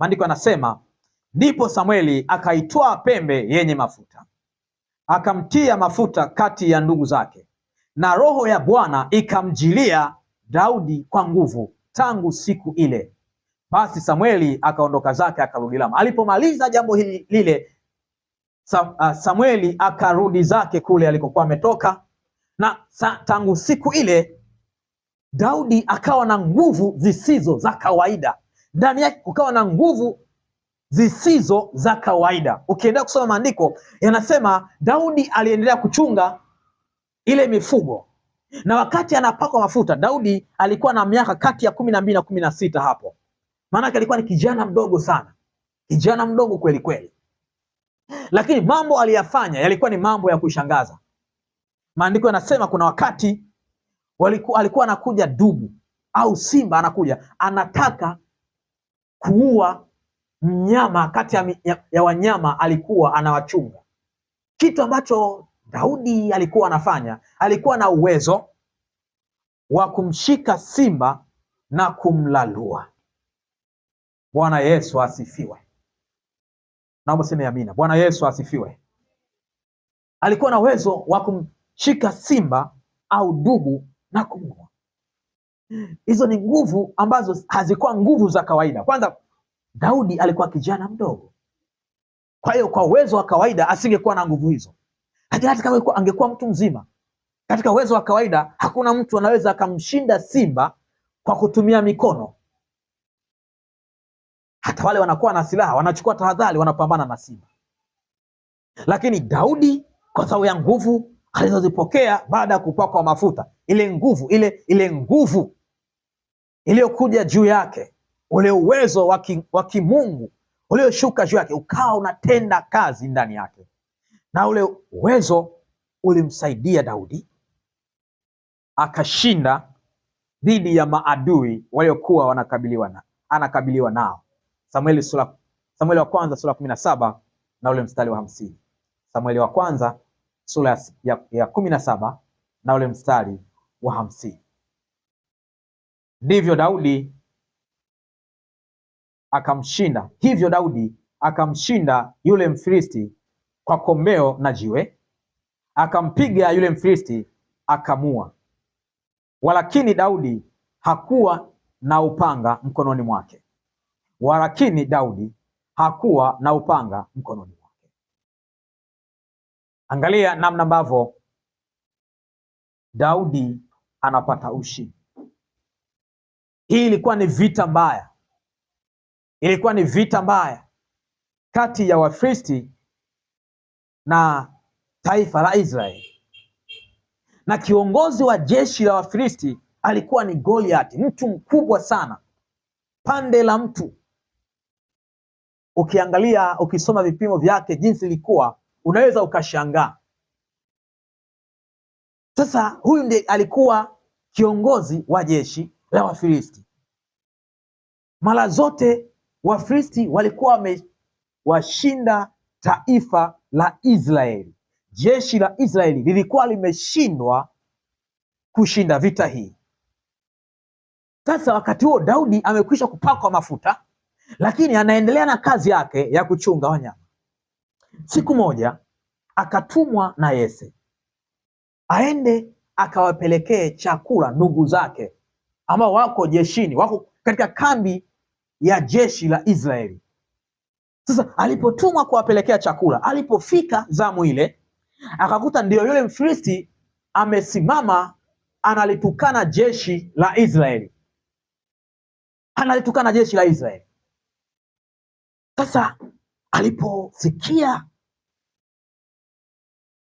Maandiko anasema ndipo Samweli akaitoa pembe yenye mafuta akamtia mafuta kati ya ndugu zake, na roho ya Bwana ikamjilia Daudi kwa nguvu tangu siku ile. Basi Samweli akaondoka zake akarudi Lama. Alipomaliza jambo hili lile, uh, Samweli akarudi zake kule alikokuwa ametoka, na tangu siku ile Daudi akawa na nguvu zisizo za kawaida ndani yake kukawa na nguvu zisizo za kawaida. Ukiendelea kusoma maandiko yanasema Daudi aliendelea kuchunga ile mifugo, na wakati anapakwa mafuta, Daudi alikuwa na miaka kati ya kumi na mbili na kumi na sita hapo, maanake alikuwa ni kijana mdogo sana, kijana mdogo kweli kweli, lakini mambo aliyafanya yalikuwa ni mambo ya kushangaza. Maandiko yanasema kuna wakati waliku, alikuwa anakuja dubu au simba anakuja anataka kuua mnyama kati ya, ya, ya wanyama alikuwa anawachunga, kitu ambacho Daudi alikuwa anafanya. Alikuwa na uwezo wa kumshika simba na kumlalua. Bwana Yesu asifiwe. Naomba seme amina. Bwana Yesu asifiwe. Alikuwa na uwezo wa kumshika simba au dubu na kumua. Hizo ni nguvu ambazo hazikuwa nguvu za kawaida. Kwanza, Daudi alikuwa kijana mdogo, kwa hiyo kwa uwezo wa kawaida asingekuwa na nguvu hizo. Hata hata kama angekuwa mtu mzima, katika uwezo wa kawaida hakuna mtu anaweza akamshinda simba kwa kutumia mikono. Hata wale wanakuwa na silaha wanachukua tahadhari, wanapambana na simba. Lakini Daudi kwa sababu ya nguvu alizozipokea baada ya kupakwa mafuta, ile nguvu ile ile nguvu iliyokuja juu yake, ule uwezo wa kimungu ulioshuka juu yake, ukawa unatenda kazi ndani yake, na ule uwezo ulimsaidia Daudi akashinda dhidi ya maadui waliokuwa wanakabiliwa na, anakabiliwa nao. Samueli sura, Samueli wa kwanza sura kumi na saba na ule mstari wa hamsini. Samueli wa kwanza sura ya kumi na saba na ule mstari wa hamsini ndivyo Daudi akamshinda, hivyo Daudi akamshinda yule Mfilisti kwa komeo na jiwe, akampiga yule Mfilisti akamua, walakini Daudi hakuwa na upanga mkononi mwake, walakini Daudi hakuwa na upanga mkononi mwake. Angalia namna ambavyo Daudi anapata ushindi. Hii ilikuwa ni vita mbaya, ilikuwa ni vita mbaya kati ya Wafilisti na taifa la Israeli, na kiongozi wa jeshi la Wafilisti alikuwa ni Goliath, mtu mkubwa sana, pande la mtu. Ukiangalia, ukisoma vipimo vyake jinsi ilikuwa, unaweza ukashangaa. Sasa huyu ndiye alikuwa kiongozi wa jeshi la Wafilisti. Mara zote Wafilisti walikuwa wamewashinda taifa la Israeli. Jeshi la Israeli lilikuwa limeshindwa kushinda vita hii. Sasa wakati huo Daudi amekwisha kupakwa mafuta, lakini anaendelea na kazi yake ya kuchunga wanyama. Siku moja akatumwa na Yese aende akawapelekee chakula ndugu zake ambao wako jeshini, wako katika kambi ya jeshi la Israeli. Sasa alipotumwa kuwapelekea chakula, alipofika zamu ile akakuta ndio yule Mfilisti amesimama analitukana jeshi la Israeli, analitukana jeshi la Israeli. Sasa aliposikia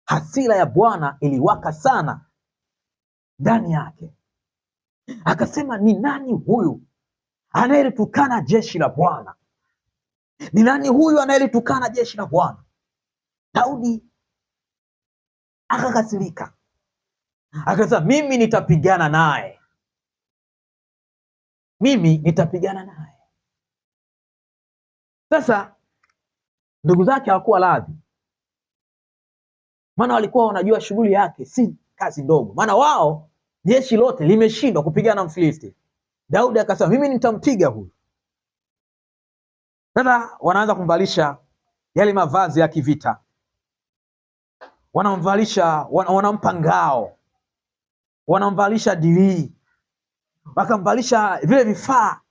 hasira ya Bwana iliwaka sana ndani yake, Akasema, ni nani huyu anayelitukana jeshi la Bwana? Ni nani huyu anayelitukana jeshi la Bwana? Daudi akakasirika, akasema, mimi nitapigana naye, mimi nitapigana naye. Sasa ndugu zake hawakuwa radhi, maana walikuwa wanajua shughuli yake si kazi ndogo, maana wao jeshi lote limeshindwa kupigana na Mfilisti. Daudi akasema mimi nitampiga huyu. Sasa wanaanza kumvalisha yale mavazi ya kivita, wanamvalisha wan, wanampa ngao, wanamvalisha dirii, wakamvalisha vile vifaa